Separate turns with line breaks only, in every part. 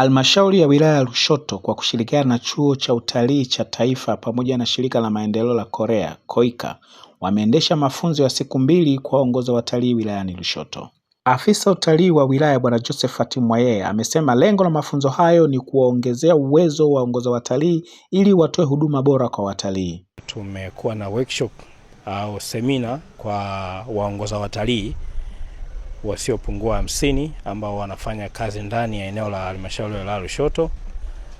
Halmashauri ya wilaya ya Lushoto kwa kushirikiana na Chuo cha Utalii cha Taifa pamoja na Shirika la Maendeleo la Korea KOICA wameendesha mafunzo ya siku mbili kwa waongoza watalii wilayani Lushoto. Afisa utalii wa wilaya Bwana Josephat Mwayeye amesema lengo la mafunzo hayo ni kuwaongezea uwezo waongoza watalii ili watoe huduma bora kwa watalii.
Tumekuwa na workshop au semina kwa waongoza watalii wasiopungua hamsini ambao wanafanya kazi ndani ya eneo la halmashauri ya wilaya Lushoto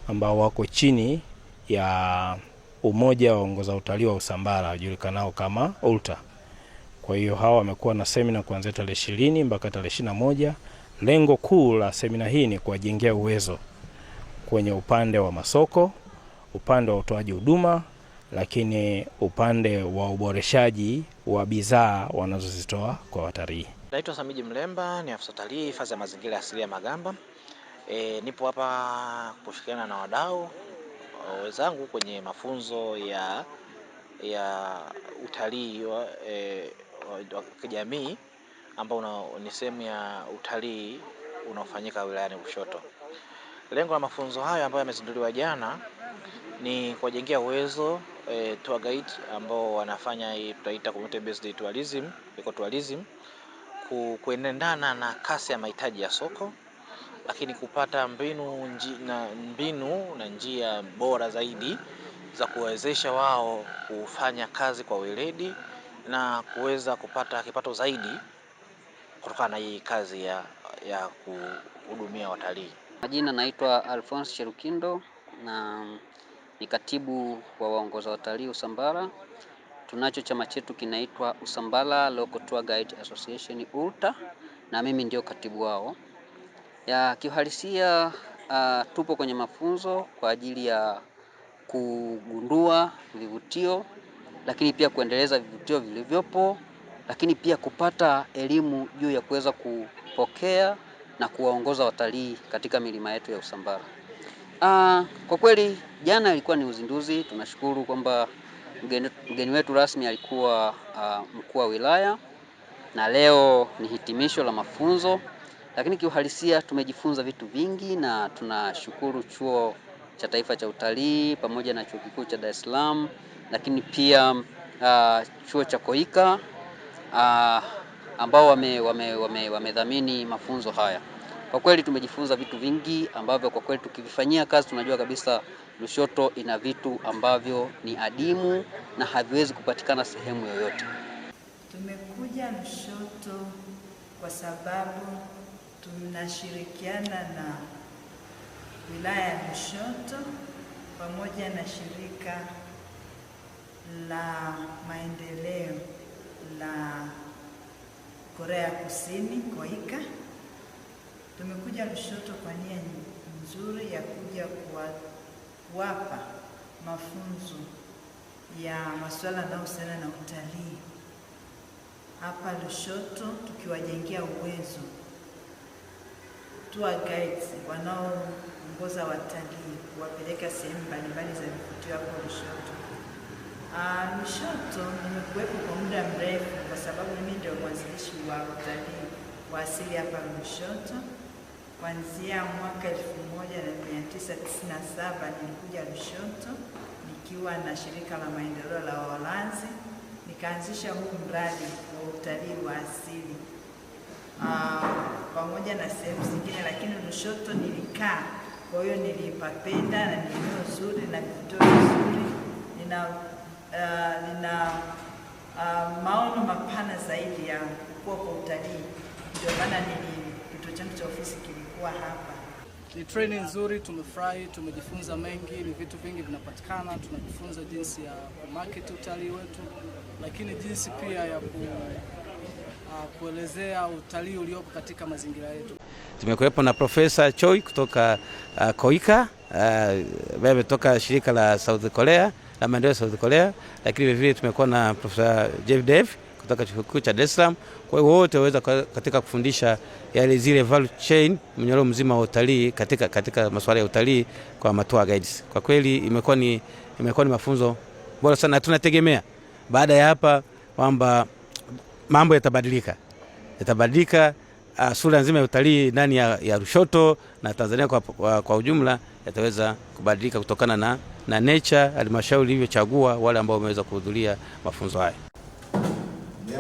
ambao wako chini ya umoja wa waongoza utalii wa Usambara ujulikanao kama ULTA. Kwa hiyo hawa wamekuwa na semina kuanzia tarehe ishirini mpaka tarehe ishirini na moja. Lengo kuu la semina hii ni kuwajengea uwezo kwenye upande wa masoko, upande wa utoaji huduma, lakini upande wa uboreshaji wa bidhaa wanazozitoa kwa watalii.
Naitwa Samiji Mlemba, ni afisa utalii hifadhi ya mazingira asilia ya Magamba. E, nipo hapa kushirikiana na wadau wenzangu kwenye mafunzo ya ya utalii wa, e, wa kijamii ambao ni sehemu ya utalii unaofanyika wilayani kushoto Lengo la mafunzo hayo ambayo yamezinduliwa jana ni kuwajengea uwezo e, tour guide ambao wanafanya hii tunaita community based tourism, ecotourism kuendana na kasi ya mahitaji ya soko, lakini kupata mbinu, nji, na, mbinu na njia bora zaidi za kuwawezesha wao kufanya kazi kwa weledi na kuweza kupata kipato zaidi kutokana na hii kazi ya, ya kuhudumia watalii.
Majina naitwa Alphonse cherukindo na ni katibu wa waongoza watalii Usambara. Tunacho chama chetu kinaitwa Usambala Local Tour Guide Association ULTA, na mimi ndio katibu wao. Ya kiuhalisia uh, tupo kwenye mafunzo kwa ajili ya kugundua vivutio, lakini pia kuendeleza vivutio vilivyopo, lakini pia kupata elimu juu ya kuweza kupokea na kuwaongoza watalii katika milima yetu ya Usambara. Uh, kwa kweli jana ilikuwa ni uzinduzi, tunashukuru kwamba Mgeni, wetu rasmi alikuwa uh, mkuu wa wilaya na leo ni hitimisho la mafunzo, lakini kiuhalisia tumejifunza vitu vingi na tunashukuru Chuo cha Taifa cha Utalii pamoja na Chuo Kikuu cha Dar es Salaam, lakini pia uh, chuo cha Koika uh, ambao wamedhamini wame, wame, wame mafunzo haya. Kwa kweli tumejifunza vitu vingi ambavyo kwa kweli tukivifanyia kazi tunajua kabisa Lushoto ina vitu ambavyo ni adimu na haviwezi kupatikana sehemu yoyote.
Tumekuja Lushoto kwa sababu tunashirikiana na wilaya ya Lushoto pamoja na shirika la maendeleo la Korea Kusini Koika. Tumekuja Lushoto kwa nia nzuri ya kuja kuwa kuwapa mafunzo ya masuala yanayohusiana na utalii hapa Lushoto, tukiwajengea uwezo tour guides wanaoongoza watalii kuwapeleka sehemu mbalimbali za vivutio hapo Lushoto. Uh, Lushoto nimekuwepo kwa muda mrefu kwa sababu mimi ndio mwanzilishi wa utalii wa asili hapa Lushoto kuanzia mwaka 1997 nilikuja Lushoto nikiwa na shirika la maendeleo la Waholanzi nikaanzisha huu mradi wa utalii wa asili ah, pamoja na sehemu zingine, lakini Lushoto nilikaa. Kwa hiyo nilipapenda, na ni eneo zuri na vivutio vizuri, nina uh, nina uh, maono mapana zaidi ya kukua kwa utalii, ndio maana nili kituo changu cha ofisi kilikuwa hapa.
Ni training nzuri, tumefurahi, tumejifunza mengi, ni vitu vingi vinapatikana. Tunajifunza jinsi ya market utalii wetu, lakini jinsi pia ya ku, ah, kuelezea utalii uliopo katika mazingira yetu.
Tumekuwepo na Profesa Choi kutoka uh, Koika ah, ambaye uh, toka shirika la South Korea la maendeleo ya South Korea, lakini vilevile tumekuwa na Profesa Jeff Dev kutoka chuo kikuu cha Dar es Salaam. Kwa hiyo wote waweza katika kufundisha yale zile value chain, mnyororo mzima wa utalii katika, katika masuala ya utalii kwa matua guides. Kwa kweli imekuwa ni, imekuwa ni mafunzo bora sana tunategemea baada ya hapa kwamba mambo yatabadilika yatabadilika uh, sura nzima ya utalii ndani ya, ya Lushoto na Tanzania kwa, kwa, kwa ujumla yataweza kubadilika kutokana na, na nature halmashauri ilivyochagua wale ambao wameweza kuhudhuria mafunzo haya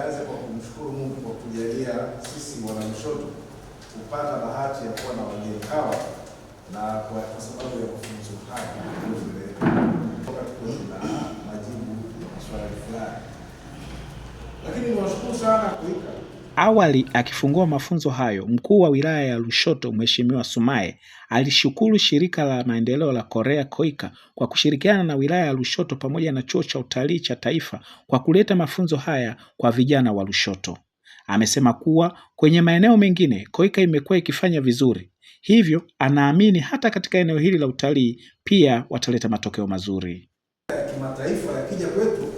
nianze kwa kumshukuru Mungu kwa kujalia sisi Mwanamshoto kupata bahati ya kuwa na wageni hawa na kwa sababu ya mafunzo haya toka tuko na majibu ya maswali fulani, lakini niwashukuru sana kuika
Awali akifungua mafunzo hayo, mkuu wa wilaya ya Lushoto Mheshimiwa Sumaye alishukuru shirika la maendeleo la Korea Koika kwa kushirikiana na wilaya ya Lushoto pamoja na chuo cha utalii cha taifa kwa kuleta mafunzo haya kwa vijana wa Lushoto. Amesema kuwa kwenye maeneo mengine Koika imekuwa ikifanya vizuri, hivyo anaamini hata katika eneo hili la utalii pia wataleta matokeo mazuri.
Kimataifa yakija kwetu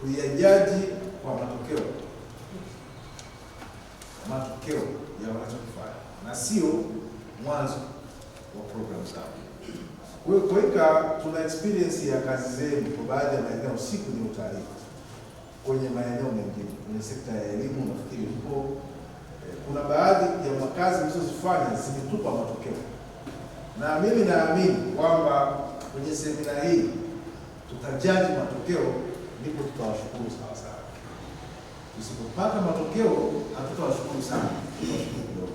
tuyajaji kwa matokeo matokeo ya wanachokifanya na sio mwanzo wa programu zao. Kwa kuweka tuna experience ya kazi zenu kwa baadhi ya maeneo usiku ni utaarifu, kwenye maeneo mengine kwenye sekta ya elimu nafikiri huko eh, kuna baadhi ya makazi mlizozifanya zimetupa matokeo, na mimi naamini kwamba kwenye semina hii tutajaji matokeo, ndipo tutawashukuru sawasawa tusipopata matokeo hatutawashukuru sana, tutawashukuru kidogo.